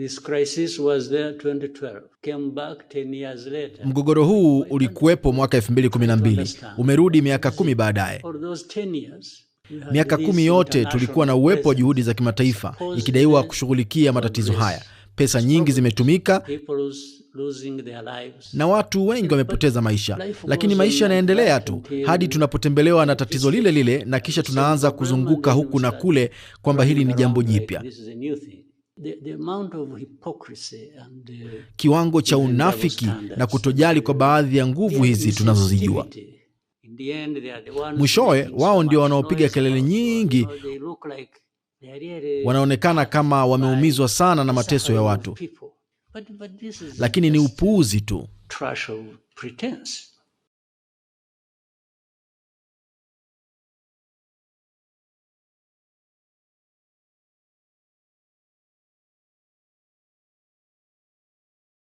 This crisis was there 2012. Came back 10 years later. Mgogoro huu ulikuwepo mwaka 2012, umerudi miaka kumi baadaye. Miaka kumi yote tulikuwa na uwepo wa juhudi za kimataifa ikidaiwa kushughulikia matatizo haya. Pesa nyingi zimetumika na watu wengi wamepoteza maisha, lakini maisha yanaendelea tu hadi tunapotembelewa na tatizo lile lile, na kisha tunaanza kuzunguka huku na kule kwamba hili ni jambo jipya kiwango cha unafiki na kutojali kwa baadhi ya nguvu hizi tunazozijua. Mwishowe wao ndio wanaopiga kelele nyingi, wanaonekana kama wameumizwa sana na mateso ya watu, lakini ni upuuzi tu.